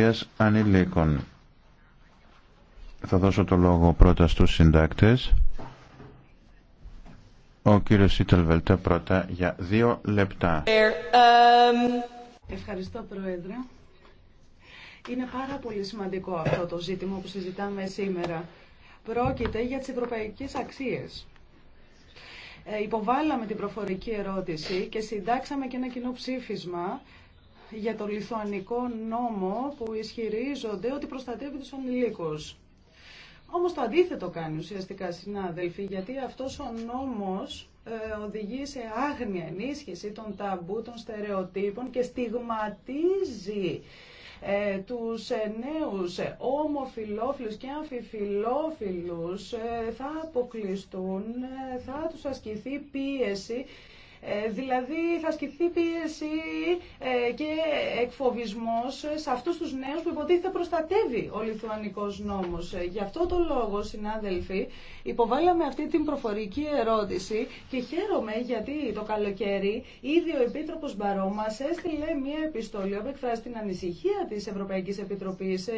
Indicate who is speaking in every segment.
Speaker 1: εργασίας ανηλίκων. Θα δώσω το λόγο πρώτα στους συντάκτες. Ο κύριος Ιτελβελτέ πρώτα για δύο λεπτά.
Speaker 2: Ευχαριστώ Πρόεδρε. Είναι πάρα πολύ σημαντικό αυτό το ζήτημα που συζητάμε σήμερα. Πρόκειται για τις ευρωπαϊκές αξίες. Ε, υποβάλαμε την προφορική ερώτηση και συντάξαμε και ένα κοινό ψήφισμα για το λιθουανικό νόμο που ισχυρίζονται ότι προστατεύει τους ανηλίκους. Όμως το αντίθετο κάνει ουσιαστικά συνάδελφοι, γιατί αυτός ο νόμος ε, οδηγεί σε άγνοια ενίσχυση των ταμπού, των στερεοτύπων και στιγματίζει ε, τους ε, νέους ε, ομοφιλόφιλους και αμφιφιλόφιλους θα αποκλειστούν, θα τους ασκηθεί πίεση ε, δηλαδή θα ασκηθεί πίεση ε, και εκφοβισμός σε αυτούς τους νέους που υποτίθεται προστατεύει ο λιθουανικός νόμος. Ε, γι' αυτό το λόγο, συνάδελφοι, υποβάλαμε αυτή την προφορική ερώτηση και χαίρομαι γιατί το καλοκαίρι ήδη ο Επίτροπος Μπαρό μας έστειλε μία επιστολή όπου εκφράζει την ανησυχία της Ευρωπαϊκής Επιτροπής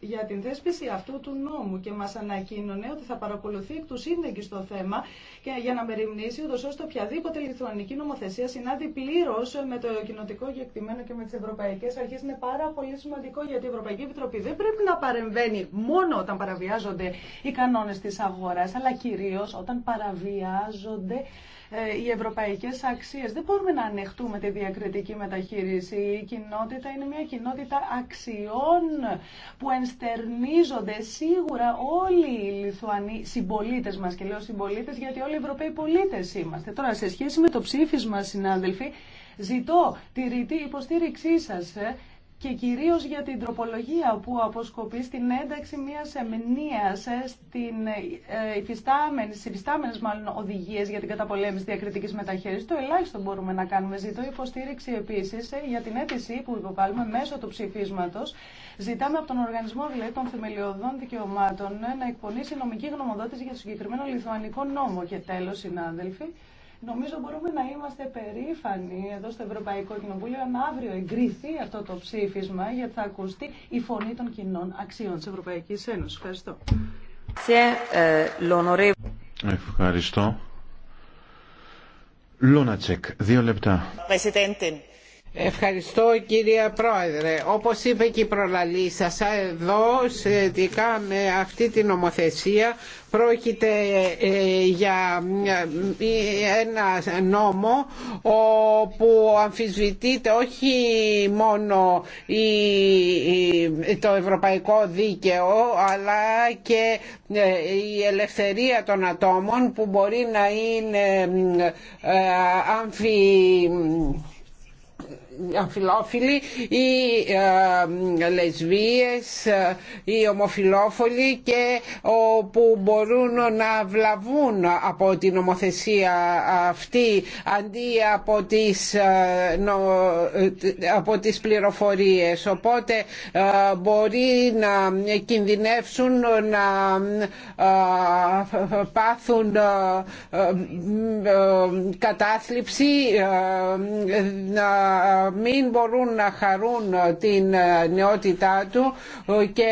Speaker 2: για την θέσπιση αυτού του νόμου και μας ανακοίνωνε ότι θα παρακολουθεί εκ του σύνδεγγυ στο θέμα και για να μεριμνήσει ούτως ώστε οποιαδήποτε λιθουανική ηλεκτρονική νομοθεσία συνάδει πλήρω με το κοινοτικό κεκτημένο και με τι ευρωπαϊκέ αρχέ. Είναι πάρα πολύ σημαντικό γιατί η Ευρωπαϊκή Επιτροπή δεν πρέπει να παρεμβαίνει μόνο όταν παραβιάζονται οι κανόνε τη αγορά, αλλά κυρίω όταν παραβιάζονται ε, οι ευρωπαϊκές αξίες. Δεν μπορούμε να ανεχτούμε τη διακριτική μεταχείριση. Η κοινότητα είναι μια κοινότητα αξιών που ενστερνίζονται σίγουρα όλοι οι Λιθουανοί συμπολίτες μας και λέω συμπολίτες γιατί όλοι οι Ευρωπαίοι πολίτες είμαστε. Τώρα σε σχέση με το ψήφισμα συνάδελφοι ζητώ τη ρητή υποστήριξή σας ε, και κυρίως για την τροπολογία που αποσκοπεί στην ένταξη μιας εμνίας ε, στην ε, υφιστάμενη, υφιστάμενες μάλλον οδηγίες για την καταπολέμηση διακριτικής μεταχείρισης. Το ελάχιστο μπορούμε να κάνουμε. Ζητώ υποστήριξη επίσης ε, για την αίτηση που υποβάλλουμε μέσω του ψηφίσματος. Ζητάμε από τον Οργανισμό δηλαδή, των Θεμελιωδών Δικαιωμάτων να εκπονήσει νομική γνωμοδότηση για το συγκεκριμένο λιθουανικό νόμο. Και τέλος, συνάδελφοι, Νομίζω μπορούμε να είμαστε περήφανοι εδώ στο Ευρωπαϊκό Κοινοβούλιο αν αύριο εγκριθεί αυτό το ψήφισμα γιατί θα ακουστεί η φωνή των κοινών αξιών της ευρωπαϊκή Ένωσης. Ευχαριστώ.
Speaker 1: Ε, Ευχαριστώ. δύο λεπτά.
Speaker 3: Ευχαριστώ κυρία Πρόεδρε. Όπως είπε και η προλαλή σας, εδώ σχετικά με αυτή την νομοθεσία πρόκειται ε, για ε, ένα νόμο όπου αμφισβητείται όχι μόνο το ευρωπαϊκό δίκαιο αλλά και ε, η ελευθερία των ατόμων που μπορεί να είναι αμφι αμφιλόφιλοι οι ε, λεσβίες ε, οι ομοφιλόφιλοι και που μπορούν να βλαβούν από την ομοθεσία αυτή αντί από τις, ε, από τις πληροφορίες οπότε μπορεί να κινδυνεύσουν να πάθουν κατάθλιψη να μην μπορούν να χαρούν ε, την ε, νεότητά του ε, και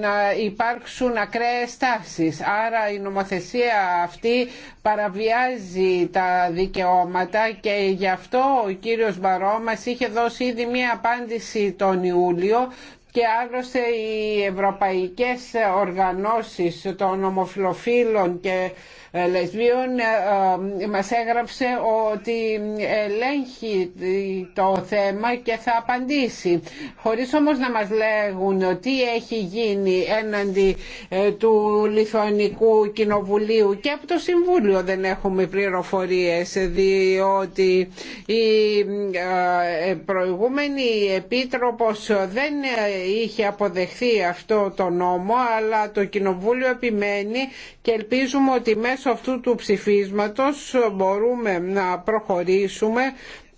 Speaker 3: να υπάρξουν ακραίες τάσεις. Άρα η νομοθεσία αυτή παραβιάζει τα δικαιώματα και γι' αυτό ο κύριος Μπαρό μας είχε δώσει ήδη μία απάντηση τον Ιούλιο και άλλωστε οι ευρωπαϊκές οργανώσεις των ομοφιλοφίλων και ε, λεσβίων ε, ε, μας έγραψε ότι ελέγχει το θέμα και θα απαντήσει χωρίς όμως να μας λέγουν τι έχει γίνει έναντι του Λιθουανικού Κοινοβουλίου και από το Συμβούλιο δεν έχουμε πληροφορίες διότι η προηγούμενη Επίτροπος δεν είχε αποδεχθεί αυτό το νόμο αλλά το Κοινοβούλιο επιμένει και ελπίζουμε ότι μέσω αυτού του ψηφίσματος μπορούμε να προχωρήσουμε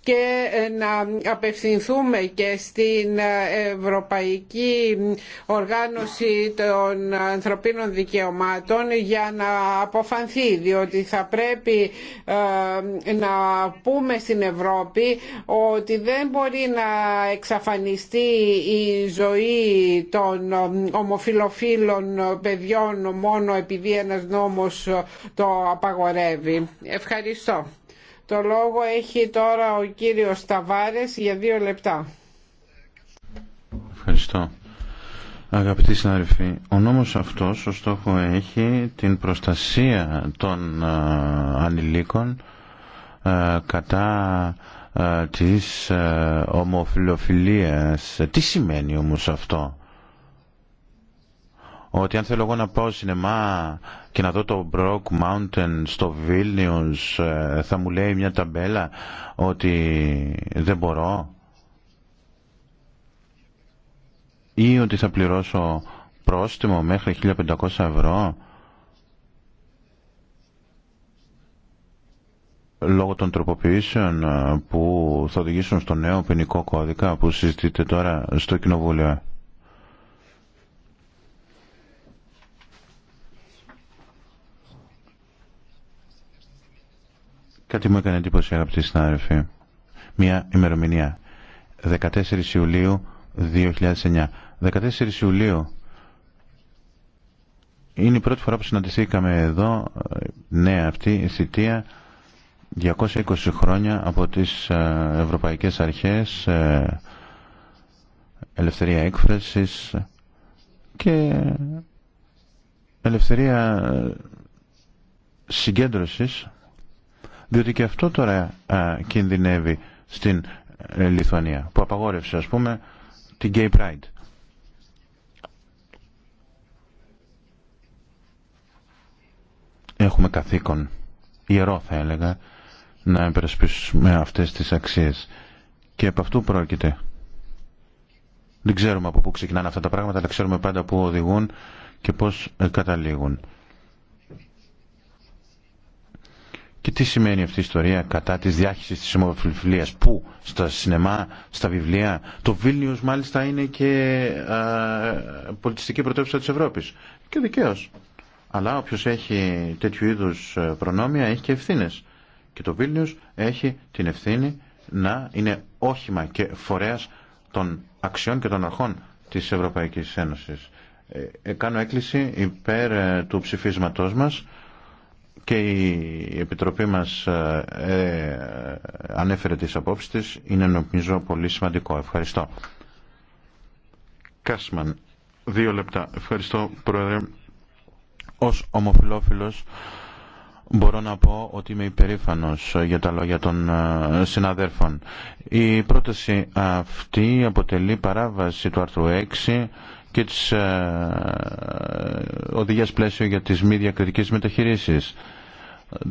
Speaker 3: και ε, να απευθυνθούμε και στην ε, Ευρωπαϊκή Οργάνωση των Ανθρωπίνων Δικαιωμάτων για να αποφανθεί διότι θα πρέπει ε, να πούμε στην Ευρώπη ότι δεν μπορεί να εξαφανιστεί η ζωή των ομοφιλοφίλων παιδιών μόνο επειδή ένας νόμος το απαγορεύει. Ευχαριστώ. Το λόγο έχει τώρα ο κύριος Ταβάρες για δύο λεπτά.
Speaker 1: Ευχαριστώ. Αγαπητοί συνάδελφοι, ο νόμος αυτός ο στόχο έχει την προστασία των ανηλίκων κατά της ομοφιλοφιλίας. Ε, τι σημαίνει όμως αυτό ότι αν θέλω εγώ να πάω σινεμά και να δω το Brock Mountain στο Vilnius ε, θα μου λέει μια ταμπέλα ότι δεν μπορώ ή ότι θα πληρώσω πρόστιμο μέχρι 1500 ευρώ λόγω των τροποποιήσεων ε, που θα οδηγήσουν στο νέο ποινικό κώδικα που συζητείται τώρα στο Κοινοβούλιο. Κάτι μου έκανε εντύπωση αγαπητοί συνάδελφοι. Μια ημερομηνία. 14 Ιουλίου 2009. 14 Ιουλίου είναι η πρώτη φορά που συναντηθήκαμε εδώ, νέα αυτή η θητεία, 220 χρόνια από τις ε, ευρωπαϊκές αρχές, ε, ελευθερία έκφρασης και ελευθερία ε, συγκέντρωσης διότι και αυτό τώρα κινδυνεύει στην ε, Λιθουανία που απαγόρευσε ας πούμε την Gay Pride. Έχουμε καθήκον, ιερό θα έλεγα, να υπερασπίσουμε αυτές τις αξίες. Και από αυτού πρόκειται. Δεν ξέρουμε από πού ξεκινάνε αυτά τα πράγματα, αλλά ξέρουμε πάντα πού οδηγούν και πώς ε, καταλήγουν. Και τι σημαίνει αυτή η ιστορία κατά της διάχυσης της ομοφιλοφιλίας. Πού, στα σινεμά, στα βιβλία. Το Βίλνιους μάλιστα είναι και πολιτιστική πρωτεύουσα της Ευρώπης. Και δικαίω. Αλλά όποιος έχει τέτοιου είδους ε, προνόμια έχει και ευθύνε. Και το Βίλνιους έχει την ευθύνη να είναι όχημα και φορέας των αξιών και των αρχών της Ευρωπαϊκής Ένωσης. Ε, ε, κάνω έκκληση υπέρ του ψηφίσματός μας και η Επιτροπή μας ε, ε, ανέφερε τις απόψεις της. Είναι νομίζω πολύ σημαντικό. Ευχαριστώ. Κάσμαν, δύο λεπτά. Ευχαριστώ Πρόεδρε. Ως ομοφιλόφιλος μπορώ να πω ότι είμαι υπερήφανος για τα λόγια των ε, συναδέρφων. Η πρόταση αυτή αποτελεί παράβαση του άρθρου 6 και της οδηγίας πλαίσιο για τις μη διακριτικές μεταχειρήσεις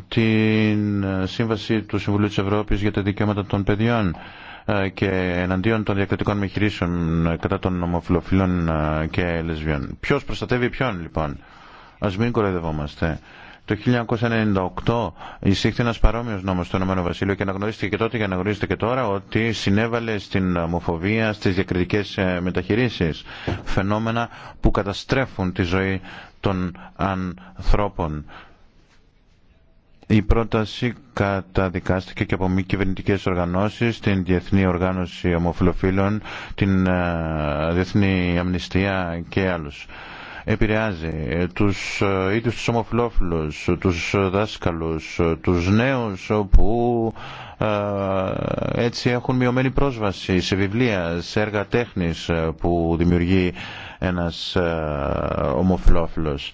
Speaker 1: την σύμβαση του Συμβουλίου της Ευρώπης για τα δικαιώματα των παιδιών ε, και εναντίον των διακριτικών μεχειρήσεων ε, κατά των ομοφιλοφιλών ε, και λεσβιών. Ποιος προστατεύει ποιον λοιπόν. Ας μην κοροϊδευόμαστε. Το 1998 εισήχθη ένα παρόμοιο νόμο στο Ηνωμένο και αναγνωρίστηκε και τότε και αναγνωρίζεται και τώρα ότι συνέβαλε στην ομοφοβία, στι διακριτικέ μεταχειρήσεις Φαινόμενα που καταστρέφουν τη ζωή των ανθρώπων. Η πρόταση καταδικάστηκε και από μη κυβερνητικέ οργανώσει, την Διεθνή Οργάνωση Ομοφυλοφίλων, την ε, Διεθνή Αμνηστία και άλλου. Επηρεάζει τους ε, ίδιου τους ομοφυλόφιλου, τους δάσκαλους, τους νέους που ε, έτσι έχουν μειωμένη πρόσβαση σε βιβλία, σε έργα τέχνης που δημιουργεί ένας ομοφυλόφιλος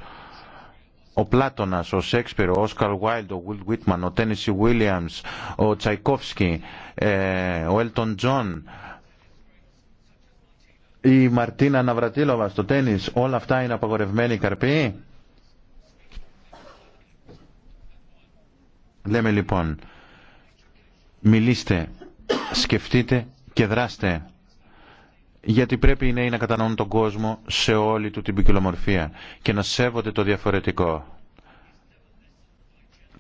Speaker 1: ο Πλάτωνας, ο Σέξπιρ, ο Όσκαρ Βάιλντ, ο Βουλτ Βίτμαν, ο Τένισι Βίλιαμς, ο Τσαϊκόφσκι, ε, ο Έλτον Τζον, η Μαρτίνα Ναυρατήλοβα στο τένις, όλα αυτά είναι απαγορευμένοι καρποί. Λέμε λοιπόν, μιλήστε, σκεφτείτε και δράστε γιατί πρέπει οι νέοι να κατανοούν τον κόσμο σε όλη του την ποικιλομορφία και να σέβονται το διαφορετικό.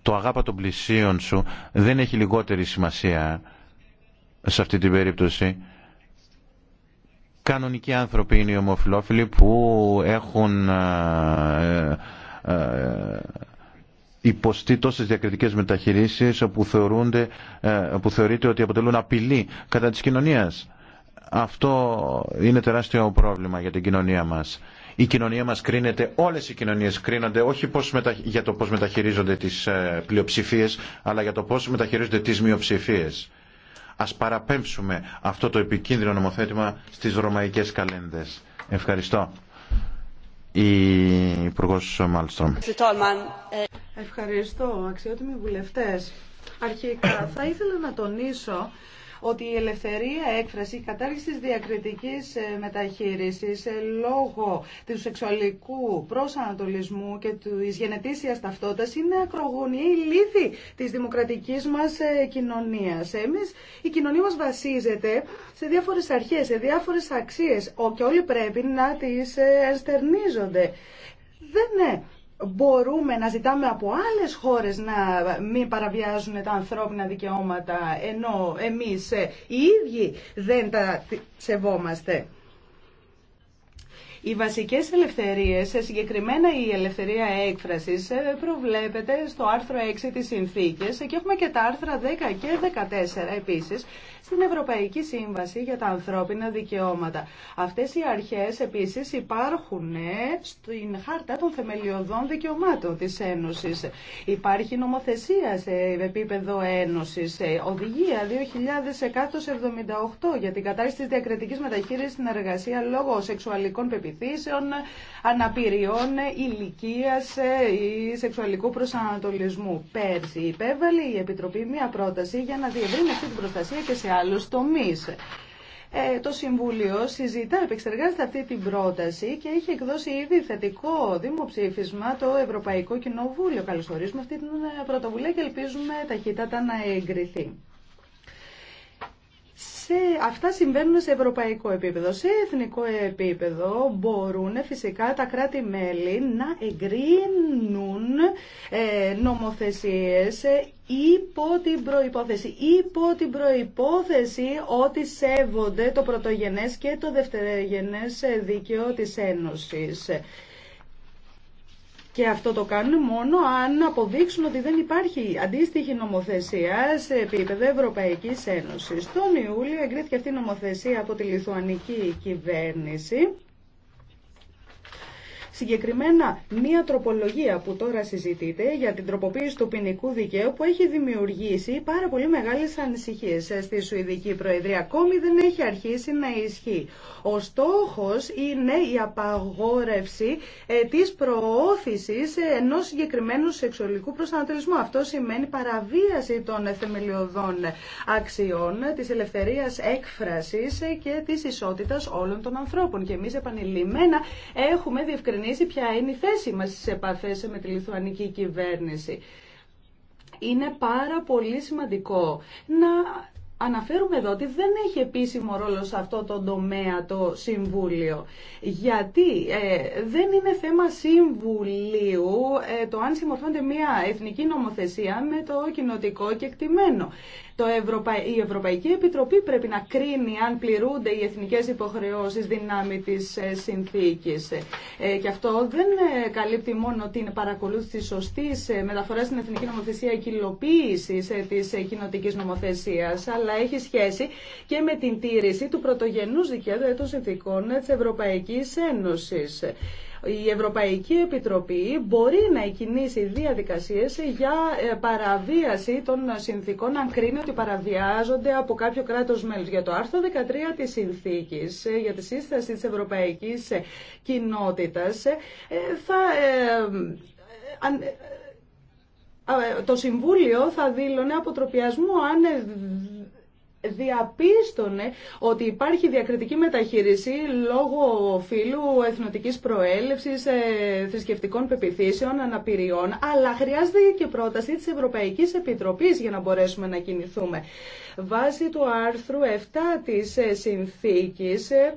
Speaker 1: Το αγάπα των πλησίων σου δεν έχει λιγότερη σημασία σε αυτή την περίπτωση. Κανονικοί άνθρωποι είναι οι ομοφιλόφιλοι που έχουν ε, ε, ε, υποστεί τόσες διακριτικές μεταχειρήσεις όπου θεωρούνται, που θεωρείται ότι αποτελούν απειλή κατά της κοινωνίας αυτό είναι τεράστιο πρόβλημα για την κοινωνία μας. Η κοινωνία μας κρίνεται, όλες οι κοινωνίες κρίνονται, όχι πώς μετα... για το πώς μεταχειρίζονται τις πλειοψηφίε, πλειοψηφίες, αλλά για το πώς μεταχειρίζονται τις μειοψηφίες. Ας παραπέμψουμε αυτό το επικίνδυνο νομοθέτημα στις ρωμαϊκές καλένδες. Ευχαριστώ. Η Υπουργό Μάλστρομ. Ε,
Speaker 2: Ευχαριστώ, αξιότιμοι βουλευτές. Αρχικά θα ήθελα να τονίσω ότι η ελευθερία έκφραση, η κατάργηση της διακριτικής ε, μεταχείρισης ε, λόγω του σεξουαλικού προσανατολισμού και της γενετήσια ταυτότητα είναι η λύθη της δημοκρατικής μας ε, κοινωνίας. Εμείς, η κοινωνία μας βασίζεται σε διάφορες αρχές, σε διάφορες αξίες και όλοι πρέπει να τις ενστερνίζονται. Δεν ναι, μπορούμε να ζητάμε από άλλες χώρες να μην παραβιάζουν τα ανθρώπινα δικαιώματα ενώ εμείς ε, οι ίδιοι δεν τα σεβόμαστε. Οι βασικές ελευθερίες, συγκεκριμένα η ελευθερία έκφρασης, ε, προβλέπεται στο άρθρο 6 της Συνθήκης και έχουμε και τα άρθρα 10 και 14 επίσης στην Ευρωπαϊκή Σύμβαση για τα Ανθρώπινα Δικαιώματα. Αυτές οι αρχές επίσης υπάρχουν ε, στην χάρτα των θεμελιωδών δικαιωμάτων της Ένωσης. Υπάρχει νομοθεσία σε επίπεδο Ένωσης, ε, οδηγία 2178 για την κατάρριξη της διακριτικής μεταχείρισης στην εργασία λόγω σεξουαλικών πεπιθήσεων ηλικία ε, ή σεξουαλικού προσανατολισμού. Πέρσι υπέβαλε η Επιτροπή μία πρόταση για να διευρύνει αυτή την προστασία και σε άλλου τομεί. Ε, το Συμβούλιο συζητά, επεξεργάζεται αυτή την πρόταση και έχει εκδώσει ήδη θετικό δημοψήφισμα το Ευρωπαϊκό Κοινοβούλιο. Καλωσορίζουμε αυτή την ε, πρωτοβουλία και ελπίζουμε ταχύτατα να εγκριθεί σε, αυτά συμβαίνουν σε ευρωπαϊκό επίπεδο. Σε εθνικό επίπεδο μπορούν φυσικά τα κράτη-μέλη να εγκρίνουν ε, νομοθεσίες υπό την προϋπόθεση, υπό την προϋπόθεση ότι σέβονται το πρωτογενές και το δευτερογενές δίκαιο της Ένωσης. Και αυτό το κάνουν μόνο αν αποδείξουν ότι δεν υπάρχει αντίστοιχη νομοθεσία σε επίπεδο Ευρωπαϊκής Ένωσης. Τον Ιούλιο εγκρίθηκε αυτή η νομοθεσία από τη Λιθουανική κυβέρνηση. Συγκεκριμένα, μία τροπολογία που τώρα συζητείται για την τροποποίηση του ποινικού δικαίου που έχει δημιουργήσει πάρα πολύ μεγάλε ανησυχίε στη Σουηδική Προεδρία. Ακόμη δεν έχει αρχίσει να ισχύει. Ο στόχο είναι η απαγόρευση ε, τη προώθηση ενό συγκεκριμένου σεξουαλικού προσανατολισμού. Αυτό σημαίνει παραβίαση των θεμελιωδών αξιών, τη ελευθερία έκφραση και τη ισότητα όλων των ανθρώπων. Και εμεί επανειλημμένα έχουμε διευκρινίσει Πια ποια είναι η θέση μας σε επαφές με τη λιθουανική κυβέρνηση. Είναι πάρα πολύ σημαντικό να Αναφέρουμε εδώ ότι δεν έχει επίσημο ρόλο σε αυτό το τομέα το Συμβούλιο. Γιατί ε, δεν είναι θέμα Συμβουλίου ε, το αν συμμορφώνεται μια εθνική νομοθεσία με το κοινοτικό κεκτημένο. Το Η Ευρωπαϊκή Επιτροπή πρέπει να κρίνει αν πληρούνται οι εθνικές υποχρεώσεις δυνάμει της ε, συνθήκης. Ε, και αυτό δεν ε, καλύπτει μόνο την παρακολούθηση σωστή σωστής μεταφοράς στην εθνική νομοθεσία και υλοποίησης της κοινοτικής νομοθεσίας, αλλά έχει σχέση και με την τήρηση του πρωτογενούς δικαίου των συνθήκων της Ευρωπαϊκής Ένωσης η Ευρωπαϊκή Επιτροπή μπορεί να εκινήσει διαδικασίες για ε, παραβίαση των συνθήκων αν κρίνει ότι παραβιάζονται από κάποιο κράτος μέλος. Για το άρθρο 13 της συνθήκης ε, για τη σύσταση της Ευρωπαϊκής Κοινότητας θα το Συμβούλιο θα δήλωνε αποτροπιασμό αν ε, διαπίστωνε ότι υπάρχει διακριτική μεταχείριση λόγω φύλου, εθνοτικής προέλευσης, ε, θρησκευτικών πεπιθήσεων, αναπηριών, αλλά χρειάζεται και πρόταση της Ευρωπαϊκής Επιτροπής για να μπορέσουμε να κινηθούμε. Βάσει του άρθρου 7 της ε, συνθήκης, ε,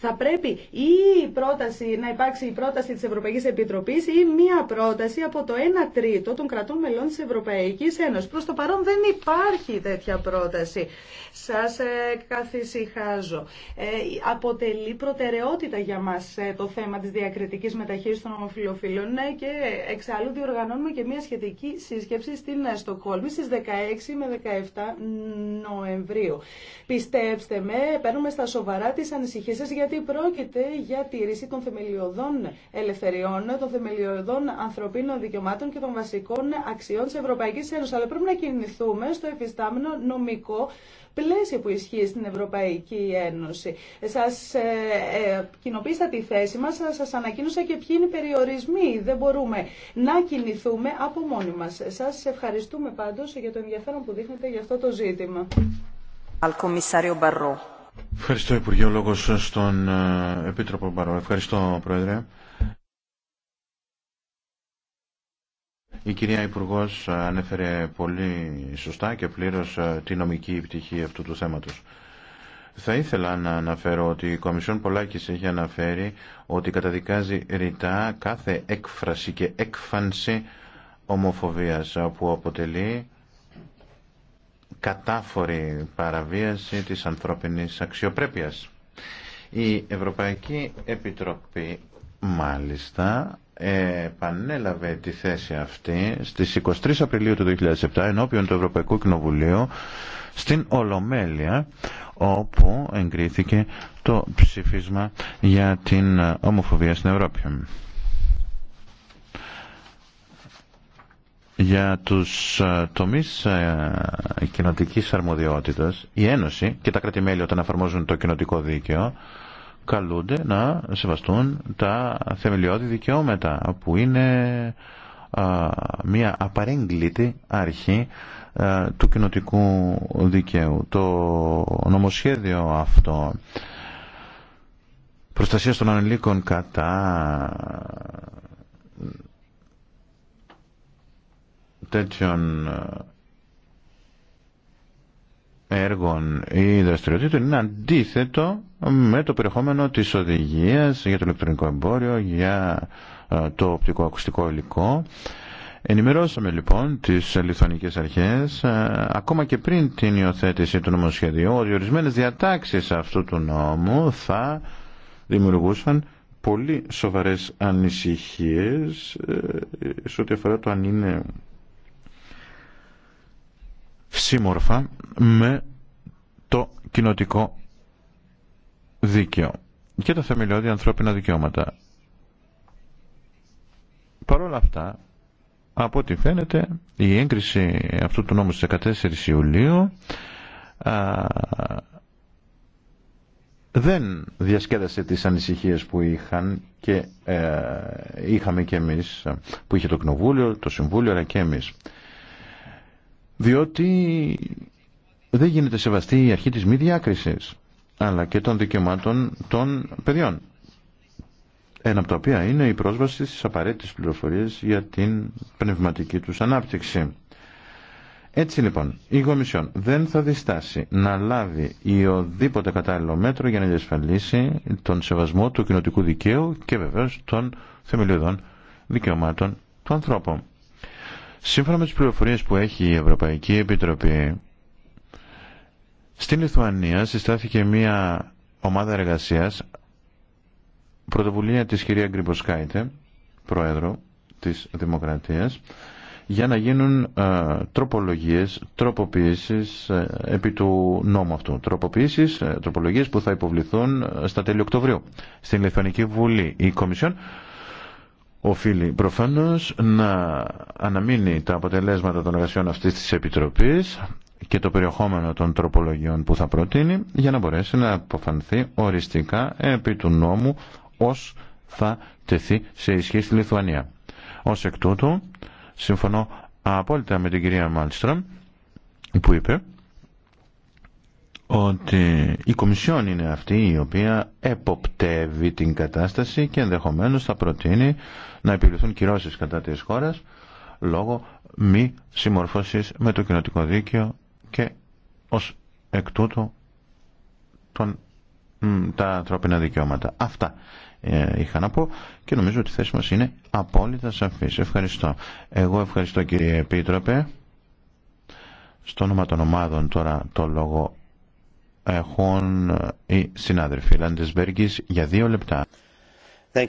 Speaker 2: θα πρέπει ή η πρόταση, να υπάρξει η πρόταση της Ευρωπαϊκής Επιτροπής ή μία πρόταση από το 1 τρίτο των κρατών μελών της Ευρωπαϊκής Ένωσης. Προς το παρόν δεν υπάρχει τέτοια πρόταση. Σας ε, καθησυχάζω. Ε, αποτελεί προτεραιότητα για μας ε, το θέμα της διακριτικής μεταχείρισης των ομοφιλοφιλών ε, και εξάλλου διοργανώνουμε και μία σχετική σύσκεψη στην Στοκόλμη... στις 16 με 17 Νοεμβρίου. Πιστέψτε με, παίρνουμε στα σοβαρά τις ανησυχίες για γιατί πρόκειται για τη ρίση των θεμελιωδών ελευθεριών, των θεμελιωδών ανθρωπίνων δικαιωμάτων και των βασικών αξιών της Ευρωπαϊκής Ένωσης. Αλλά πρέπει να κινηθούμε στο εφιστάμενο νομικό πλαίσιο που ισχύει στην Ευρωπαϊκή Ένωση. Σας ε, ε κοινοποίησα τη θέση μας, σας ανακοίνωσα και ποιοι είναι οι περιορισμοί. Δεν μπορούμε να κινηθούμε από μόνοι μας. Σας ευχαριστούμε πάντως για το ενδιαφέρον που δείχνετε για αυτό το ζήτημα. Al
Speaker 1: Ευχαριστώ Υπουργέ, ο λόγος στον ε, Επίτροπο Μπαρό. Ευχαριστώ Πρόεδρε. Η κυρία Υπουργό ανέφερε πολύ σωστά και πλήρως ε, τη νομική πτυχή αυτού του θέματος. Θα ήθελα να αναφέρω ότι η Κομισιόν Πολάκης έχει αναφέρει ότι καταδικάζει ρητά κάθε έκφραση και έκφανση ομοφοβίας που αποτελεί κατάφορη παραβίαση της ανθρώπινης αξιοπρέπειας. Η Ευρωπαϊκή Επιτροπή μάλιστα επανέλαβε τη θέση αυτή στις 23 Απριλίου του 2007 ενώπιον του Ευρωπαϊκού Κοινοβουλίου στην Ολομέλεια όπου εγκρίθηκε το ψηφίσμα για την ομοφοβία στην Ευρώπη. για τους ε, τομείς ε, κοινοτικής αρμοδιότητας η Ένωση και τα κράτη-μέλη όταν εφαρμόζουν το κοινοτικό δίκαιο καλούνται να σεβαστούν τα θεμελιώδη δικαιώματα που είναι ε, μια απαρέγκλητη άρχη του κοινοτικού δικαίου. Το νομοσχέδιο αυτό προστασία των ανελίκων κατά τέτοιων ε, έργων ή δραστηριοτήτων είναι αντίθετο με το περιεχόμενο της οδηγίας για το ηλεκτρονικό εμπόριο, για ε, το οπτικό ακουστικό υλικό. Ενημερώσαμε λοιπόν τις λιθωνικές αρχές ε, ακόμα και πριν την υιοθέτηση του νομοσχεδίου ότι ορισμένες διατάξεις αυτού του νόμου θα δημιουργούσαν πολύ σοβαρές ανησυχίες σε ό,τι αφορά το αν είναι σύμμορφα με το κοινοτικό δίκαιο και τα θεμελιώδη ανθρώπινα δικαιώματα. Παρ' όλα αυτά, από ό,τι φαίνεται, η έγκριση αυτού του νόμου στις 14 Ιουλίου δεν διασκέδασε τις ανησυχίες που είχαν και ε, είχαμε και εμείς, που είχε το Κοινοβούλιο, το Συμβούλιο, αλλά και εμείς διότι δεν γίνεται σεβαστή η αρχή της μη διάκρισης αλλά και των δικαιωμάτων των παιδιών ένα από τα οποία είναι η πρόσβαση στις απαραίτητες πληροφορίες για την πνευματική τους ανάπτυξη. Έτσι λοιπόν, η Κομισιόν δεν θα διστάσει να λάβει ή οδήποτε κατάλληλο μέτρο για να διασφαλίσει τον σεβασμό του κοινοτικού δικαίου και βεβαίως των θεμελιωδών δικαιωμάτων του ανθρώπου. Σύμφωνα με τις πληροφορίες που έχει η Ευρωπαϊκή Επιτροπή, στην Λιθουανία συστάθηκε μια ομάδα εργασίας πρωτοβουλία της κυρία Γκριμποσκάιτε, πρόεδρο της Δημοκρατίας, για να γίνουν ε, τροπολογίες, τροποποιήσεις ε, επί του νόμου αυτού. Τροποποιήσεις, ε, τροπολογίες που θα υποβληθούν στα τέλη Οκτωβρίου στην Λιθουανική Βουλή. Η Κομισιόν οφείλει προφανώς να αναμείνει τα αποτελέσματα των εργασιών αυτής της Επιτροπής και το περιεχόμενο των τροπολογιών που θα προτείνει για να μπορέσει να αποφανθεί οριστικά επί του νόμου ως θα τεθεί σε ισχύ στη Λιθουανία. Ως εκ τούτου, συμφωνώ απόλυτα με την κυρία Μάλστρομ που είπε ότι η Κομισιόν είναι αυτή η οποία εποπτεύει την κατάσταση και ενδεχομένως θα προτείνει να επιβληθούν κυρώσεις κατά της χώρας λόγω μη συμμορφώσεις με το κοινοτικό δίκαιο και ως εκ τούτου των, τα ανθρώπινα δικαιώματα. Αυτά ε, είχα να πω και νομίζω ότι η θέση μας είναι απόλυτα σαφής. Ευχαριστώ. Εγώ ευχαριστώ κύριε Επίτροπε. Στο όνομα των ομάδων τώρα το λόγο έχουν οι συνάδελφοι Λαντεσβέργης για δύο λεπτά. Thank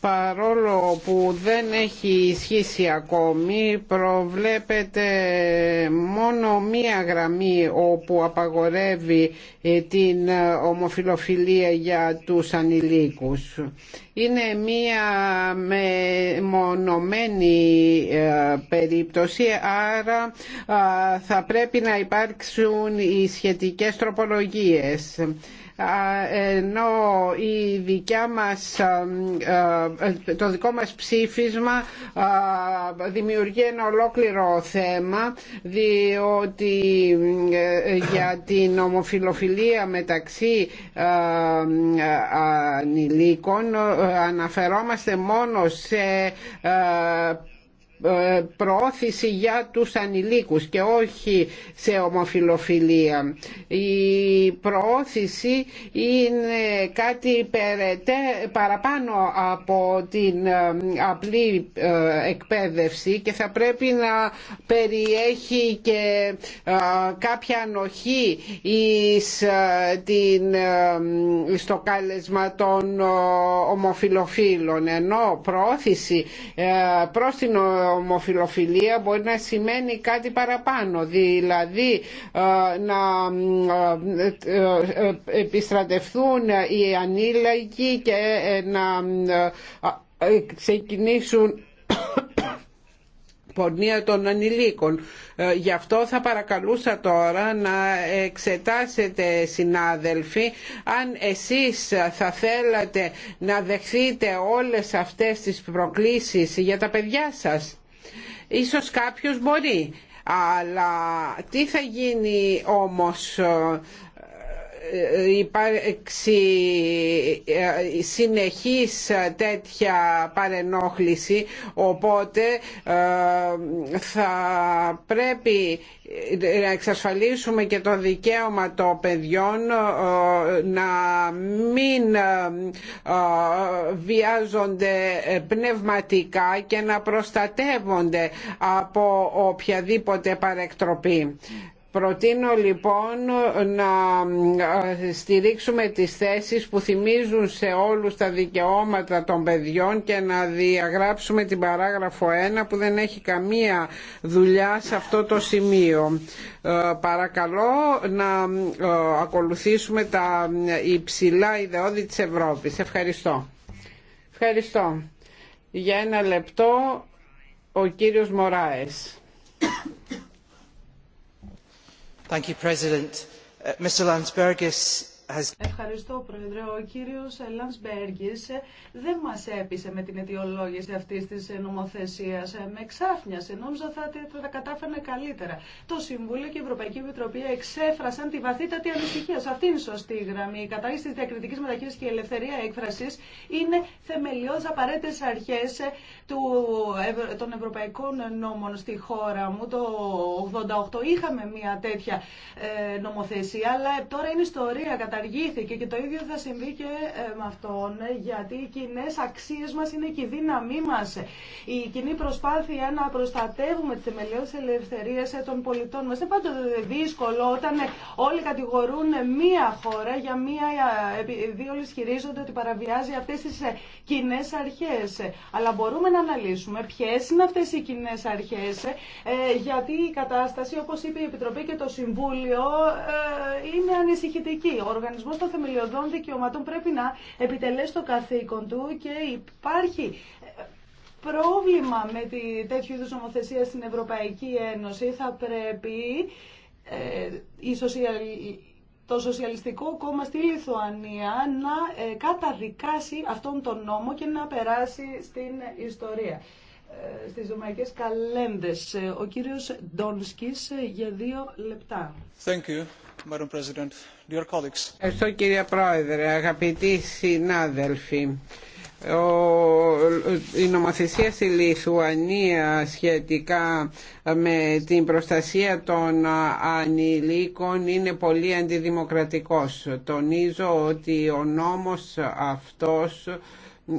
Speaker 3: παρόλο που δεν έχει ισχύσει ακόμη προβλέπεται μόνο μία γραμμή όπου απαγορεύει ε, την ε, ομοφιλοφιλία για τους ανηλίκους. Είναι μία μονομένη ε, περίπτωση άρα θα πρέπει να υπάρξουν οι σχετικές τροπολογίες ενώ η δικιά μας, ε, το δικό μας ψήφισμα δημιουργεί ένα ολόκληρο θέμα διότι ε, για την ομοφιλοφιλία μεταξύ ανηλίκων ε, αναφερόμαστε μόνο σε ε, προώθηση για τους ανηλίκους και όχι σε ομοφιλοφιλία. Η προώθηση είναι κάτι παραπάνω από την ε, απλή ε, εκπαίδευση και θα πρέπει να περιέχει και κάποια ανοχή στο κάλεσμα των ομοφιλοφίλων ενώ προώθηση προς την ομοφιλοφιλία μπορεί να σημαίνει κάτι παραπάνω δηλαδή ε, να ε, ε, επιστρατευτούν οι ανήλικοι και να ξεκινήσουν πορνεία των ανηλίκων. Ε, γι' αυτό θα παρακαλούσα τώρα να εξετάσετε συνάδελφοι αν εσείς θα θέλατε να δεχθείτε όλες αυτές τις προκλήσεις για τα παιδιά σας. Ίσως κάποιος μπορεί αλλά τι θα γίνει όμως ε, υπάρξει ε, συνεχής τέτοια παρενόχληση οπότε ε, θα πρέπει να εξασφαλίσουμε και το δικαίωμα των παιδιών ε, να μην βιάζονται πνευματικά και να προστατεύονται από οποιαδήποτε παρεκτροπή. Προτείνω λοιπόν να ε, στηρίξουμε τις θέσεις που θυμίζουν σε όλους τα δικαιώματα των παιδιών και να διαγράψουμε την παράγραφο 1 που δεν έχει καμία δουλειά σε αυτό το σημείο. Ε, παρακαλώ να ε, ακολουθήσουμε τα υψηλά ιδεώδη της Ευρώπης. Ευχαριστώ. Ευχαριστώ. Για ένα λεπτό ο κύριος Μωράες mr landsbergis
Speaker 2: Ευχαριστώ, Πρόεδρε. Ο κύριο Λανσμπέργκη δεν μα έπεισε με την αιτιολόγηση αυτή τη νομοθεσία. Με ξάφνιασε. Νόμιζα θα τα κατάφερνε καλύτερα. Το Συμβούλιο και η Ευρωπαϊκή Επιτροπή εξέφρασαν τη βαθύτατη ανησυχία. Αυτή είναι η σωστή γραμμή. Η κατάργηση τη διακριτική μεταχείριση και η ελευθερία έκφραση είναι θεμελιώδει απαραίτητε αρχέ των ευρωπαϊκών νόμων στη χώρα μου. Το 88 είχαμε μια τέτοια ε, νομοθεσία, αλλά τώρα είναι ιστορία κατά καταργήθηκε και το ίδιο θα συμβεί και ε, με αυτόν γιατί οι κοινέ αξίε μα είναι και η δύναμή μα. Η κοινή προσπάθεια να προστατεύουμε τι θεμελιώδει ελευθερίε ε, των πολιτών μα. είναι πάντοτε δύσκολο όταν ε, όλοι κατηγορούν μία χώρα για μία, επειδή όλοι ισχυρίζονται ότι παραβιάζει αυτέ τις κοινέ αρχέ. Αλλά μπορούμε να αναλύσουμε ποιε είναι αυτέ οι κοινέ αρχές γιατί η κατάσταση όπω είπε η Επιτροπή και το Συμβούλιο είναι ανησυχητική. Οργανισμό των Θεμελιωδών Δικαιωμάτων πρέπει να επιτελέσει το καθήκον του και υπάρχει ε, πρόβλημα με τη, τέτοιου είδου νομοθεσία στην Ευρωπαϊκή Ένωση. Θα πρέπει ε, η το Σοσιαλιστικό Κόμμα στη Λιθουανία να ε, καταδικάσει αυτόν τον νόμο και να περάσει στην ιστορία ε, στις ζωμαϊκές καλένδες. Ο κύριος Ντόνσκης ε, για δύο λεπτά.
Speaker 3: Thank you, Ευχαριστώ κύριε Πρόεδρε, αγαπητοί συνάδελφοι. Η νομοθεσία στη Λιθουανία σχετικά με την προστασία των ανηλίκων είναι πολύ αντιδημοκρατικός. Τονίζω ότι ο νόμος αυτός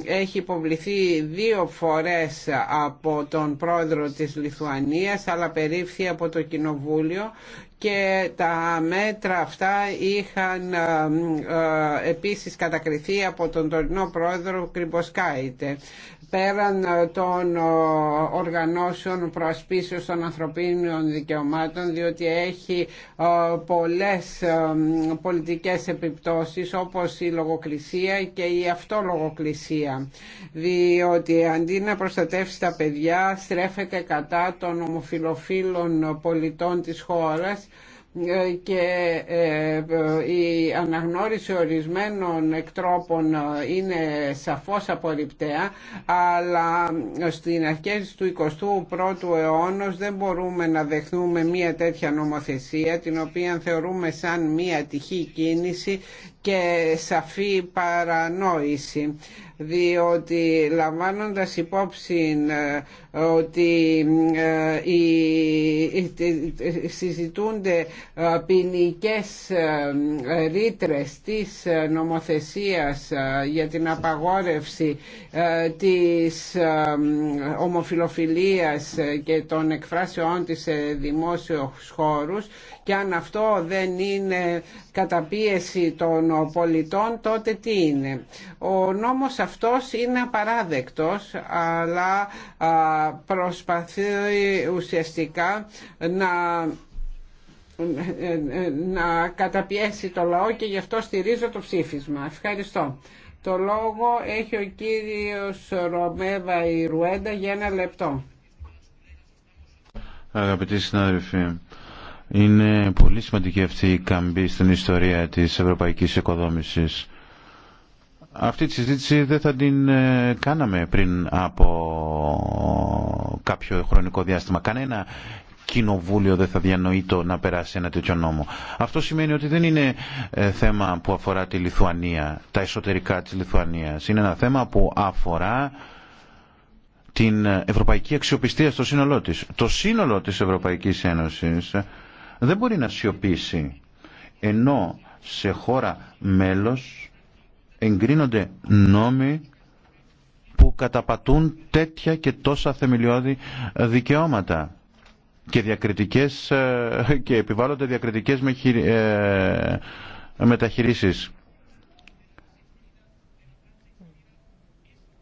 Speaker 3: έχει υποβληθεί δύο φορές από τον πρόεδρο της Λιθουανίας αλλά περίφθη από το Κοινοβούλιο και τα μέτρα αυτά είχαν ε, ε, επίσης κατακριθεί από τον τωρινό πρόεδρο Κρυμποσκάιτε πέραν ε, των ε, οργανώσεων προασπίσεως των ανθρωπίνων δικαιωμάτων διότι έχει ε, πολλές πολιτικές επιπτώσεις όπως η λογοκρισία και η αυτολογοκλησία διότι αντί να προστατεύσει τα παιδιά στρέφεται κατά των ομοφιλοφίλων πολιτών της χώρας και ε, ε, η αναγνώριση ορισμένων εκτρόπων ε, είναι σαφώς απορριπταία αλλά στην αρχές του 21ου αιώνα δεν μπορούμε να δεχθούμε μια τέτοια νομοθεσία την οποία θεωρούμε σαν μια τυχή κίνηση και σαφή παρανόηση διότι λαμβάνοντας υπόψη ε, ότι ε, ε, συζητούνται ποινικέ ρήτρε της νομοθεσίας για την απαγόρευση της ομοφιλοφιλίας και των εκφράσεών της σε δημόσιους χώρους και αν αυτό δεν είναι καταπίεση των πολιτών τότε τι είναι. Ο νόμος αυτός είναι απαράδεκτος αλλά προσπαθεί ουσιαστικά να να καταπιέσει το λαό και γι' αυτό στηρίζω το ψήφισμα. Ευχαριστώ. Το λόγο έχει ο κύριος Ρωμέβα Ιρουέντα για ένα λεπτό.
Speaker 1: Αγαπητοί συνάδελφοι, είναι πολύ σημαντική αυτή η καμπή στην ιστορία της ευρωπαϊκής οικοδόμησης. Αυτή τη συζήτηση δεν θα την ε, κάναμε πριν από κάποιο χρονικό διάστημα. Κανένα κοινοβούλιο δεν θα διανοεί το να περάσει ένα τέτοιο νόμο. Αυτό σημαίνει ότι δεν είναι ε, θέμα που αφορά τη Λιθουανία, τα εσωτερικά της Λιθουανίας. Είναι ένα θέμα που αφορά την ευρωπαϊκή αξιοπιστία στο σύνολό της. Το σύνολο της Ευρωπαϊκής Ένωσης δεν μπορεί να σιωπήσει ενώ σε χώρα μέλος εγκρίνονται νόμοι που καταπατούν τέτοια και τόσα θεμελιώδη ε, δικαιώματα και διακριτικές ε, και επιβάλλονται διακριτικές ε, μεταχειρήσεις.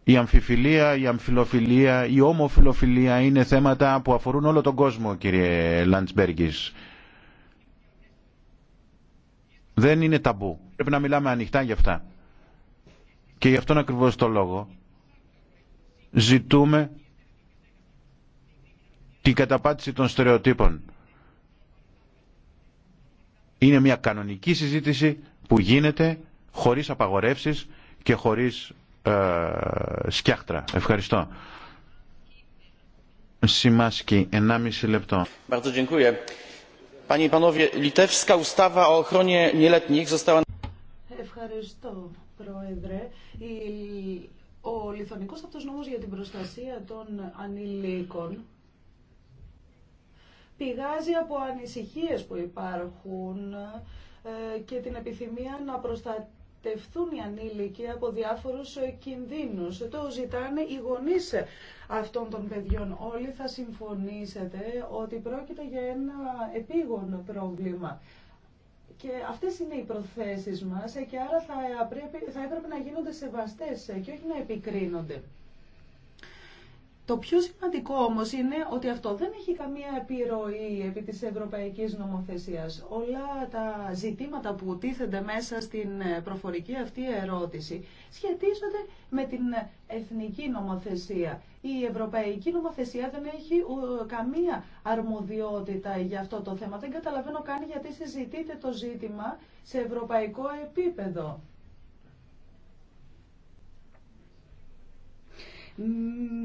Speaker 1: Η αμφιφιλία, η αμφιλοφιλία, η ομοφιλοφιλία είναι θέματα που αφορούν όλο τον κόσμο κύριε Λαντσμπέργκης δεν είναι ταμπού. Πρέπει να μιλάμε ανοιχτά για αυτά. Και γι' αυτόν ακριβώς το λόγο ζητούμε την καταπάτηση των στερεοτύπων. Είναι μια κανονική συζήτηση που γίνεται χωρίς απαγορεύσεις και χωρίς ε, σκιάχτρα. Ευχαριστώ. Σημάσκι, 1,5 λεπτό. Ευχαριστώ,
Speaker 2: Πρόεδρε. Ο λιθονικός αυτός νόμος για την προστασία των ανηλίκων πηγάζει από ανησυχίες που υπάρχουν ε, και την επιθυμία να προστατεύσουν τευθούν οι ανήλικοι από διάφορους ε, κινδύνους. Το ζητάνε οι γονείς αυτών των παιδιών. Όλοι θα συμφωνήσετε ότι πρόκειται για ένα επίγον πρόβλημα. Και αυτές είναι οι προθέσεις μας και άρα θα, ε, πρέπει, θα έπρεπε να γίνονται σεβαστές ε, και όχι να επικρίνονται. Το πιο σημαντικό όμως είναι ότι αυτό δεν έχει καμία επιρροή επί της ευρωπαϊκής νομοθεσίας. Όλα τα ζητήματα που τίθενται μέσα στην προφορική αυτή ερώτηση σχετίζονται με την εθνική νομοθεσία. Η ευρωπαϊκή νομοθεσία δεν έχει καμία αρμοδιότητα για αυτό το θέμα. Δεν καταλαβαίνω καν γιατί συζητείτε το ζήτημα σε ευρωπαϊκό επίπεδο.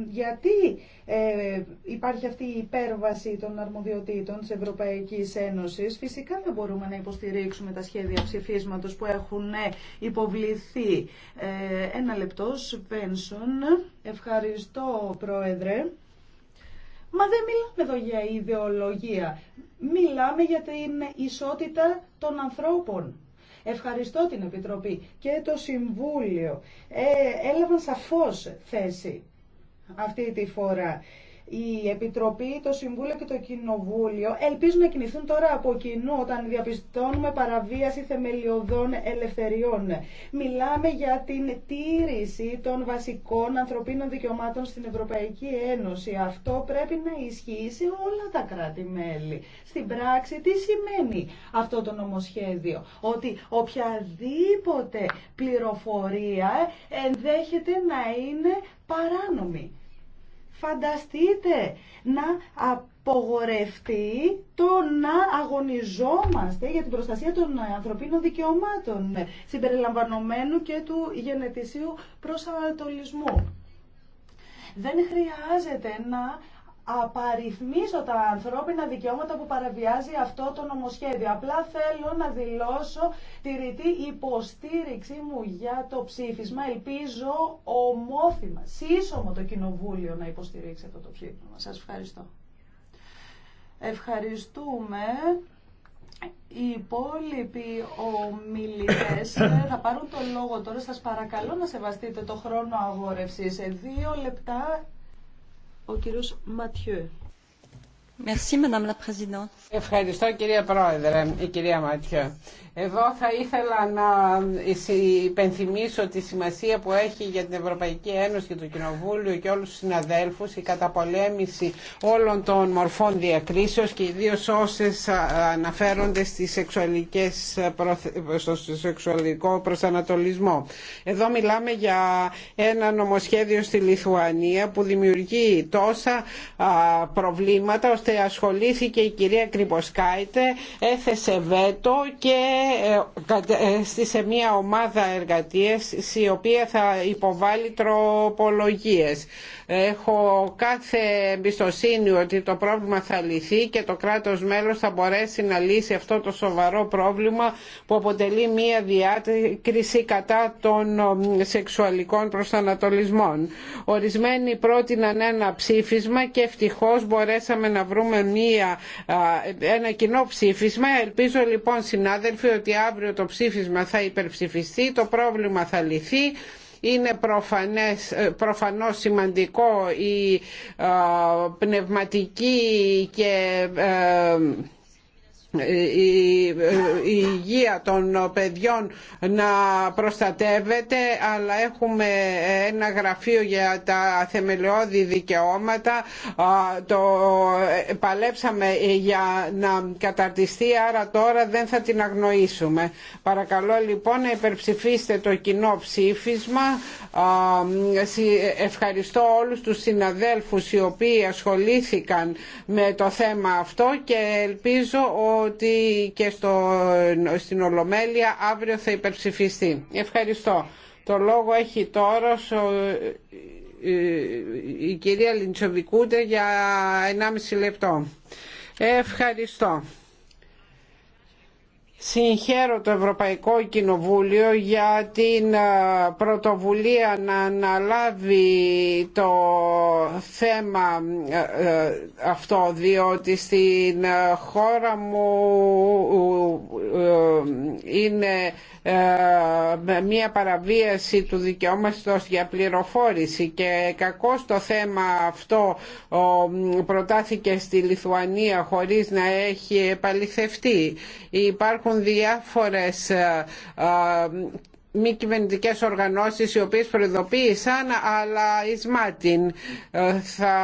Speaker 2: Γιατί ε, υπάρχει αυτή η υπέρβαση των αρμοδιοτήτων της Ευρωπαϊκής Ένωσης. Φυσικά δεν μπορούμε να υποστηρίξουμε τα σχέδια ψηφίσματος που έχουν ε, υποβληθεί. Ε, ένα λεπτό, Σπένσον. Ευχαριστώ, Πρόεδρε. Μα δεν μιλάμε εδώ για ιδεολογία. Μιλάμε για την ισότητα των ανθρώπων. Ευχαριστώ την Επιτροπή και το Συμβούλιο. Ε, έλαβαν σαφώς θέση αυτή τη φορά η Επιτροπή, το Συμβούλιο και το Κοινοβούλιο ελπίζουν να κινηθούν τώρα από κοινού όταν διαπιστώνουμε παραβίαση θεμελιωδών ελευθεριών. Μιλάμε για την τήρηση των βασικών ανθρωπίνων δικαιωμάτων στην Ευρωπαϊκή Ένωση. Αυτό πρέπει να ισχύει σε όλα τα κράτη-μέλη. Στην πράξη τι σημαίνει αυτό το νομοσχέδιο. Ότι οποιαδήποτε πληροφορία ενδέχεται να είναι παράνομη. Φανταστείτε να απογορευτεί το να αγωνιζόμαστε για την προστασία των ανθρωπίνων δικαιωμάτων συμπεριλαμβανομένου και του γενετησίου προσανατολισμού. Δεν χρειάζεται να απαριθμίσω τα ανθρώπινα δικαιώματα που παραβιάζει αυτό το νομοσχέδιο. Απλά θέλω να δηλώσω τη ρητή υποστήριξή μου για το ψήφισμα. Ελπίζω ομόθυμα, σύσσωμο το Κοινοβούλιο να υποστηρίξει αυτό το ψήφισμα. Σας ευχαριστώ. Ευχαριστούμε. Οι υπόλοιποι ομιλητέ ε, θα πάρουν το λόγο τώρα. Σας παρακαλώ να σεβαστείτε το χρόνο αγόρευσης. Σε δύο λεπτά ο κύριος Ματιέ.
Speaker 3: Ευχαριστώ κυρία Πρόεδρε, και κυρία Μάτια. Εδώ θα ήθελα να υπενθυμίσω τη σημασία που έχει για την Ευρωπαϊκή Ένωση και το Κοινοβούλιο και όλους τους συναδέλφους η καταπολέμηση όλων των μορφών διακρίσεως και ιδίω όσε αναφέρονται στις σεξουαλικές, στο σεξουαλικό προσανατολισμό. Εδώ μιλάμε για ένα νομοσχέδιο στη Λιθουανία που δημιουργεί τόσα προβλήματα ώστε ασχολήθηκε η κυρία Κρυποσκάιτε έθεσε βέτο και ε, ε, σε μια ομάδα εργατίες η οποία θα υποβάλει τροπολογίες. Έχω κάθε εμπιστοσύνη ότι το πρόβλημα θα λυθεί και το κράτος μέλος θα μπορέσει να λύσει αυτό το σοβαρό πρόβλημα που αποτελεί μια διάκριση κατά των σεξουαλικών προσανατολισμών. Ορισμένοι πρότειναν ένα ψήφισμα και ευτυχώς μπορέσαμε να βρούμε μία, ένα κοινό ψήφισμα. Ελπίζω λοιπόν συνάδελφοι ότι αύριο το ψήφισμα θα υπερψηφιστεί, το πρόβλημα θα λυθεί. Είναι προφανές, ε, προφανώς σημαντικό η πνευματική και... Ε, ε, ε, η υγεία των παιδιών να προστατεύεται αλλά έχουμε ένα γραφείο για τα θεμελιώδη δικαιώματα το ε, παλέψαμε για να καταρτιστεί άρα τώρα δεν θα την αγνοήσουμε παρακαλώ λοιπόν να υπερψηφίσετε το κοινό ψήφισμα ευχαριστώ όλους τους συναδέλφους οι οποίοι ασχολήθηκαν με το θέμα αυτό και ελπίζω ότι ότι και στο, στην Ολομέλεια αύριο θα υπερψηφιστεί. Ευχαριστώ. Το λόγο έχει τώρα ε, ε, η κυρία Λιντσοβικούτε για 1,5 λεπτό. Ευχαριστώ. Συγχαίρω το Ευρωπαϊκό Κοινοβούλιο για την ε, πρωτοβουλία να αναλάβει το θέμα ε, ε, αυτό διότι στην χώρα μου είναι μια παραβίαση του δικαιώματος για πληροφόρηση και κακώς το θέμα αυτό προτάθηκε στη Λιθουανία χωρίς να έχει επαληθευτεί. Υπάρχουν διάφορες α, ε, α, ε, μη κυβερνητικέ οργανώσεις οι οποίες προειδοποίησαν αλλά εις ε, Θα,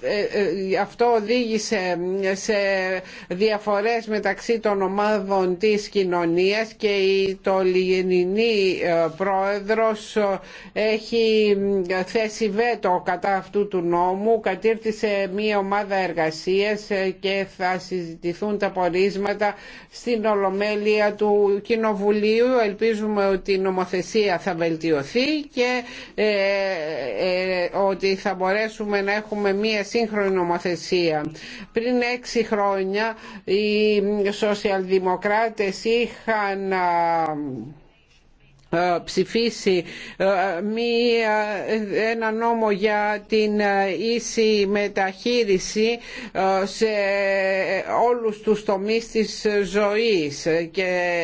Speaker 3: ε, ε, αυτό οδήγησε σε διαφορές μεταξύ των ομάδων της κοινωνίας και η λιγενινή πρόεδρος έχει θέσει βέτο κατά αυτού του νόμου, κατήρτισε μία ομάδα εργασίας και θα συζητηθούν τα πορίσματα στην Ολομέλεια του Κοινοβουλίου. Ελπίζω ελπίζουμε ότι η νομοθεσία θα βελτιωθεί και ε, ε, ότι θα μπορέσουμε να έχουμε μία σύγχρονη νομοθεσία. Πριν έξι χρόνια οι σοσιαλδημοκράτες είχαν ε, ψηφίσει ε, μία, ε, ένα νόμο για την ίση μεταχείριση σε όλους τους τομείς της ζωής και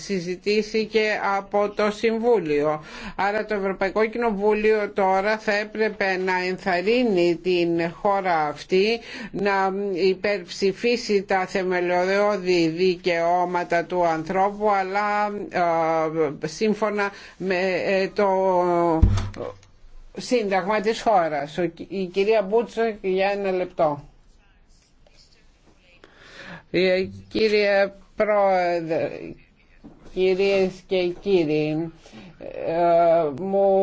Speaker 3: συζητήσει και από το Συμβούλιο. Άρα το Ευρωπαϊκό Κοινοβούλιο τώρα θα έπρεπε να ενθαρρύνει την χώρα αυτή να υπερψηφίσει τα θεμελιωδή δικαιώματα του ανθρώπου αλλά σύμφωνα με ε, το σύνταγμα της χώρας. Η κυρία Μπούτσο για ένα λεπτό. Ε, κύριε Πρόεδρε, Κυρίες και κύριοι, ε, μου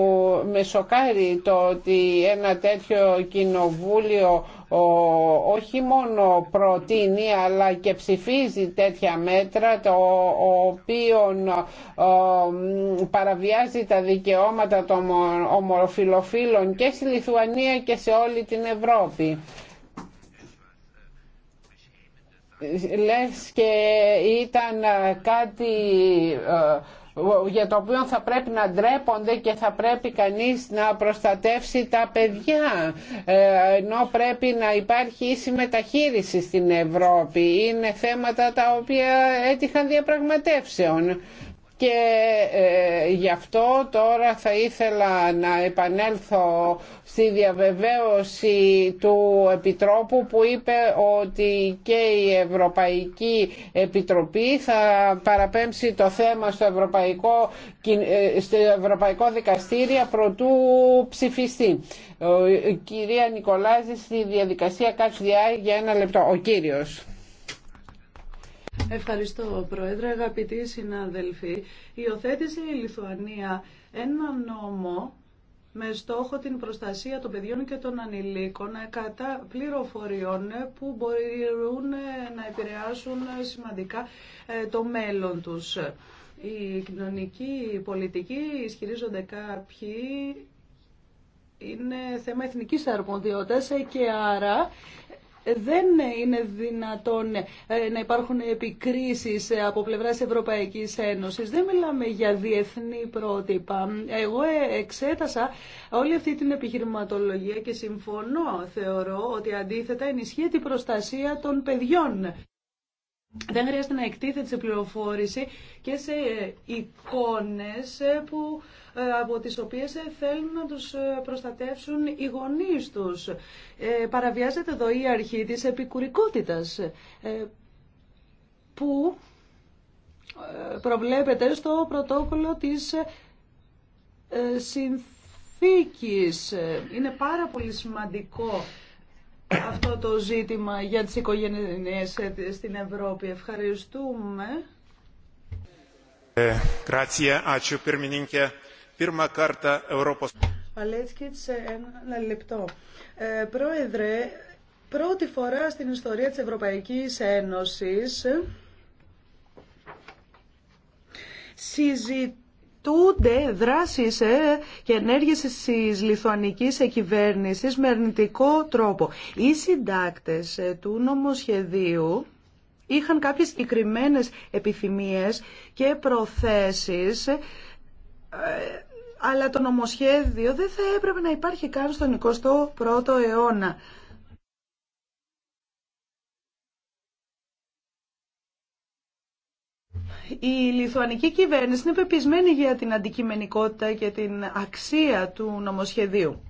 Speaker 3: με σοκάρει το ότι ένα τέτοιο κοινοβούλιο όχι μόνο προτείνει αλλά και ψηφίζει τέτοια μέτρα το οποίο παραβιάζει τα δικαιώματα των ομοφιλοφίλων και στη Λιθουανία και σε όλη την Ευρώπη λες και ήταν κάτι ε, για το οποίο θα πρέπει να ντρέπονται και θα πρέπει κανείς να προστατεύσει τα παιδιά ε, ενώ πρέπει να υπάρχει ίση μεταχείριση στην Ευρώπη είναι θέματα τα οποία έτυχαν διαπραγματεύσεων και ε, γι' αυτό τώρα θα ήθελα να επανέλθω στη διαβεβαίωση του Επιτρόπου που είπε ότι και η Ευρωπαϊκή Επιτροπή θα παραπέμψει το θέμα στο Ευρωπαϊκό, ε, στο Ευρωπαϊκό Δικαστήριο προτού ψηφιστεί. Κυρία Νικολάζη, στη διαδικασία κάτσε για ένα λεπτό. Ο κύριος.
Speaker 2: Ευχαριστώ, Πρόεδρε. Αγαπητοί συνάδελφοι, υιοθέτησε η Λιθουανία ένα νόμο με στόχο την προστασία των παιδιών και των ανηλίκων κατά πληροφοριών που μπορούν να επηρεάσουν σημαντικά ε, το μέλλον τους. Η κοινωνική πολιτική, ισχυρίζονται κάποιοι, είναι θέμα εθνικής αρμοδιότητας και άρα δεν είναι δυνατόν ε, να υπάρχουν επικρίσεις από πλευράς Ευρωπαϊκής Ένωσης. Δεν μιλάμε για διεθνή πρότυπα. Εγώ ε, εξέτασα όλη αυτή την επιχειρηματολογία και συμφωνώ, θεωρώ, ότι αντίθετα ενισχύει την προστασία των παιδιών. Δεν χρειάζεται να εκτίθεται σε πληροφόρηση και σε ε, εικόνες που ε, από τις οποίες ε, θέλουν να τους ε, προστατεύσουν οι γονείς τους. Παραβιάζεται εδώ η αρχή της επικουρικότητας που προβλέπεται στο πρωτόκολλο της συνθήκης. Είναι πάρα πολύ σημαντικό αυτό το ζήτημα για τις οικογένειες στην Ευρώπη. Ευχαριστούμε.
Speaker 1: Ε, grazie, ένα
Speaker 2: λεπτό. Ε, πρόεδρε, πρώτη φορά στην ιστορία της Ευρωπαϊκής Ένωσης συζητούνται δράσεις ε, και ενέργειες της λιθουανικής κυβέρνησης με αρνητικό τρόπο. Οι συντάκτες ε, του νομοσχεδίου είχαν κάποιες συγκεκριμένε επιθυμίες και προθέσεις αλλά το νομοσχέδιο δεν θα έπρεπε να υπάρχει καν στον 21ο αιώνα. Η λιθουανική κυβέρνηση είναι πεπισμένη για την αντικειμενικότητα και την αξία του νομοσχεδίου.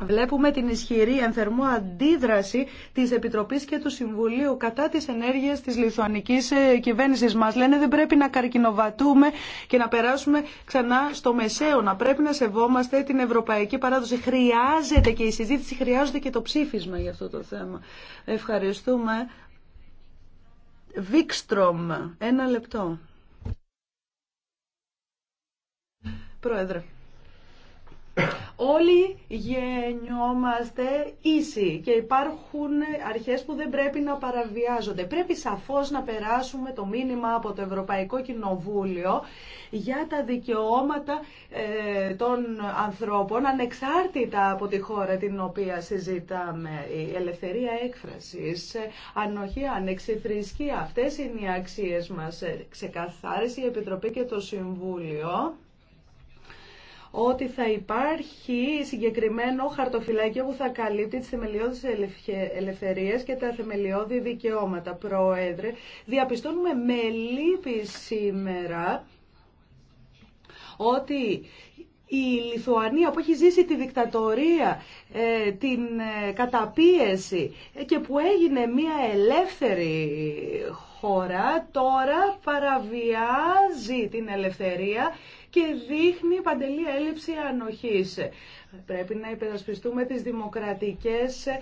Speaker 2: Βλέπουμε την ισχυρή ενθερμό αντίδραση της Επιτροπής και του Συμβουλίου κατά της ενέργειας της λιθουανικής ε, κυβέρνηση Μας λένε δεν πρέπει να καρκινοβατούμε και να περάσουμε ξανά στο μεσαίο. Να Πρέπει να σεβόμαστε την ευρωπαϊκή παράδοση. Χρειάζεται και η συζήτηση, χρειάζεται και το ψήφισμα για αυτό το θέμα. Ευχαριστούμε. Βίκστρομ, ένα λεπτό. Πρόεδρε. Όλοι γεννιόμαστε ίσοι και υπάρχουν αρχές που δεν πρέπει να παραβιάζονται. Πρέπει σαφώς να περάσουμε το μήνυμα από το Ευρωπαϊκό Κοινοβούλιο για τα δικαιώματα ε, των ανθρώπων ανεξάρτητα από τη χώρα την οποία συζητάμε. Η ελευθερία έκφρασης, ε, ανοχή, άνεξη, αυτές είναι οι αξίες μας. Ε, ξεκαθάρισε η Επιτροπή και το Συμβούλιο ότι θα υπάρχει συγκεκριμένο χαρτοφυλάκιο που θα καλύπτει τις θεμελιώδεις ελευθερίες και τα θεμελιώδη δικαιώματα. Πρόεδρε, διαπιστώνουμε με λύπη σήμερα ότι η Λιθουανία που έχει ζήσει τη δικτατορία, ε, την ε, καταπίεση και που έγινε μια ελεύθερη χώρα, τώρα παραβιάζει την ελευθερία και δείχνει παντελή έλλειψη ανοχής. Πρέπει να υπερασπιστούμε τις δημοκρατικές ε,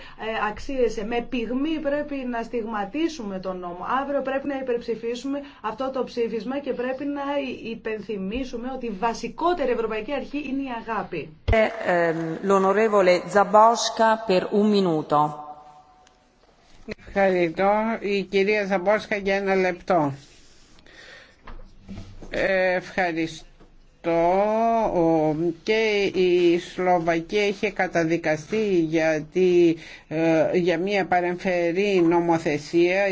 Speaker 2: αξίες. Με πυγμή πρέπει να στιγματίσουμε τον νόμο. Αύριο πρέπει να υπερψηφίσουμε αυτό το ψήφισμα και πρέπει να υπενθυμίσουμε ότι η βασικότερη ευρωπαϊκή αρχή είναι η αγάπη.
Speaker 3: Ε, ευχαριστώ. Η κυρία Ζαμπόσκα για ένα λεπτό. Ε, ευχαριστώ και η Σλοβακία είχε καταδικαστεί γιατί, ε, για μια παρεμφερή νομοθεσία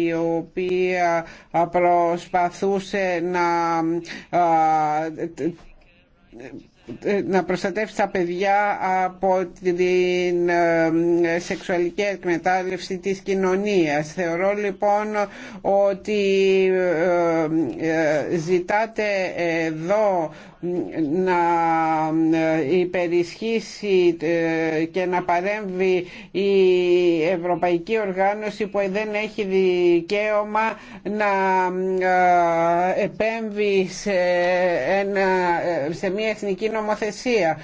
Speaker 3: η οποία προσπαθούσε να ε, ε, να προστατεύσει τα παιδιά από την ε, σεξουαλική εκμετάλλευση της κοινωνίας. Θεωρώ λοιπόν ότι ε, ζητάτε εδώ να ε, υπερισχύσει ε, και να παρέμβει η Ευρωπαϊκή Οργάνωση που δεν έχει δικαίωμα να ε, επέμβει σε, σε μια εθνική νομοθεσία.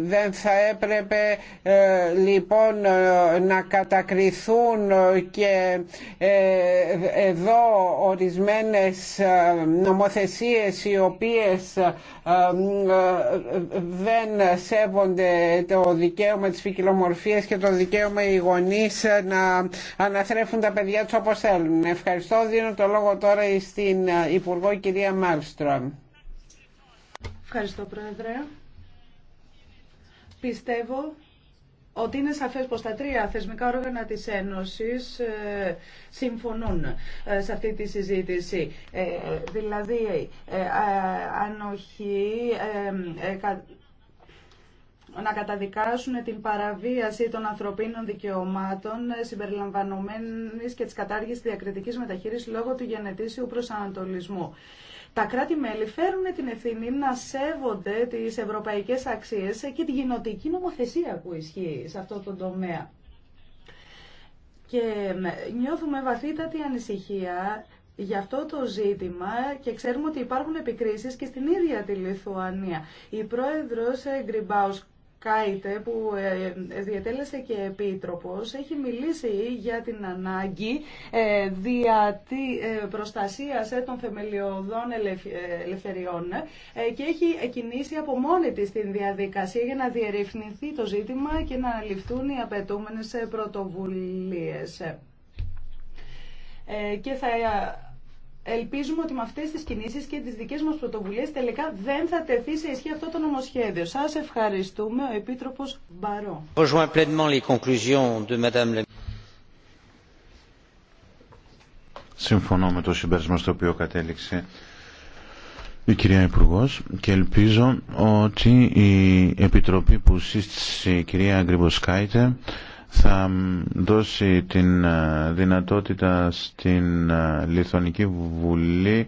Speaker 3: Δεν θα έπρεπε λοιπόν να κατακριθούν και εδώ ορισμένες νομοθεσίες οι οποίες ε, ε, δεν σέβονται το δικαίωμα της ποικιλομορφίας και το δικαίωμα οι γονείς να αναθρέφουν τα παιδιά τους όπως θέλουν. Ευχαριστώ. Δίνω το λόγο τώρα στην Υπουργό κυρία Μάλστρομ.
Speaker 2: Ευχαριστώ Πρόεδρε. Πιστεύω ότι είναι σαφές πως τα τρία θεσμικά όργανα της Ένωσης ε, συμφωνούν ε, σε αυτή τη συζήτηση. Ε, δηλαδή, ανοχή να καταδικάσουν την παραβίαση των ανθρωπίνων δικαιωμάτων συμπεριλαμβανομένης και της κατάργησης διακριτικής μεταχείρισης λόγω του γενετήσιου προσανατολισμού. Τα κράτη-μέλη φέρουν την ευθύνη να σέβονται τις ευρωπαϊκές αξίες και τη κοινοτική νομοθεσία που ισχύει σε αυτό το τομέα. Και νιώθουμε βαθύτατη ανησυχία για αυτό το ζήτημα και ξέρουμε ότι υπάρχουν επικρίσεις και στην ίδια τη Λιθουανία. Η πρόεδρος ε, Γκριμπάους Κάιτε που ε, διατέλεσε και επίτροπος έχει μιλήσει για την ανάγκη προστασία ε, ε, προστασίας των θεμελιωδών ελευθεριών και έχει κινήσει από μόνη της την διαδικασία για να διερευνηθεί το ζήτημα και να ληφθούν οι απαιτούμενες πρωτοβουλίες. Και θα Ελπίζουμε ότι με αυτέ τι κινήσει και τι δικέ μα πρωτοβουλίε τελικά δεν θα τεθεί σε ισχύ αυτό το νομοσχέδιο. Σα ευχαριστούμε, ο Επίτροπο Μπαρό.
Speaker 1: Συμφωνώ με το συμπέρασμα στο οποίο κατέληξε η κυρία Υπουργό και ελπίζω ότι η Επιτροπή που σύστησε η κυρία Αγκριβοσκάιτε θα δώσει την ε, δυνατότητα στην ε, Λιθωνική Βουλή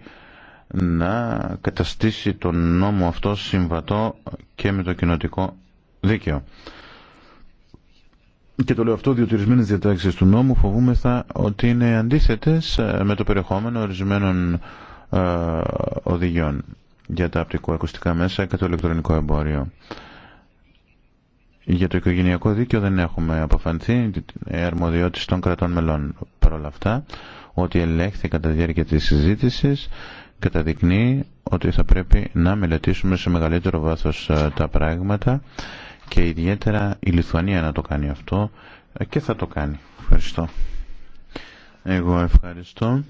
Speaker 1: να καταστήσει τον νόμο αυτό συμβατό και με το κοινοτικό δίκαιο. Και το λέω αυτό διότι ορισμένε διατάξει του νόμου φοβούμεθα ότι είναι αντίθετε ε, με το περιεχόμενο ορισμένων οδηγιών για τα απτικοακουστικά μέσα και το ηλεκτρονικό εμπόριο. Για το οικογενειακό δίκαιο δεν έχουμε αποφανθεί ε, αρμοδιότηση των κρατών μελών. Παρ' όλα αυτά, ό,τι ελέγχθη κατά τη διάρκεια της συζήτησης καταδεικνύει ότι θα πρέπει να μελετήσουμε σε μεγαλύτερο βάθος ε, τα πράγματα και ιδιαίτερα η Λιθουανία να το κάνει αυτό και θα το κάνει. Ευχαριστώ. Εγώ ευχαριστώ.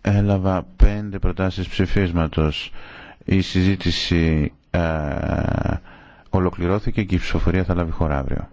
Speaker 1: Έλαβα πέντε προτάσεις ψηφίσματος. Η συζήτηση ε, Ολοκληρώθηκε και η ψηφοφορία θα λάβει χώρα αύριο.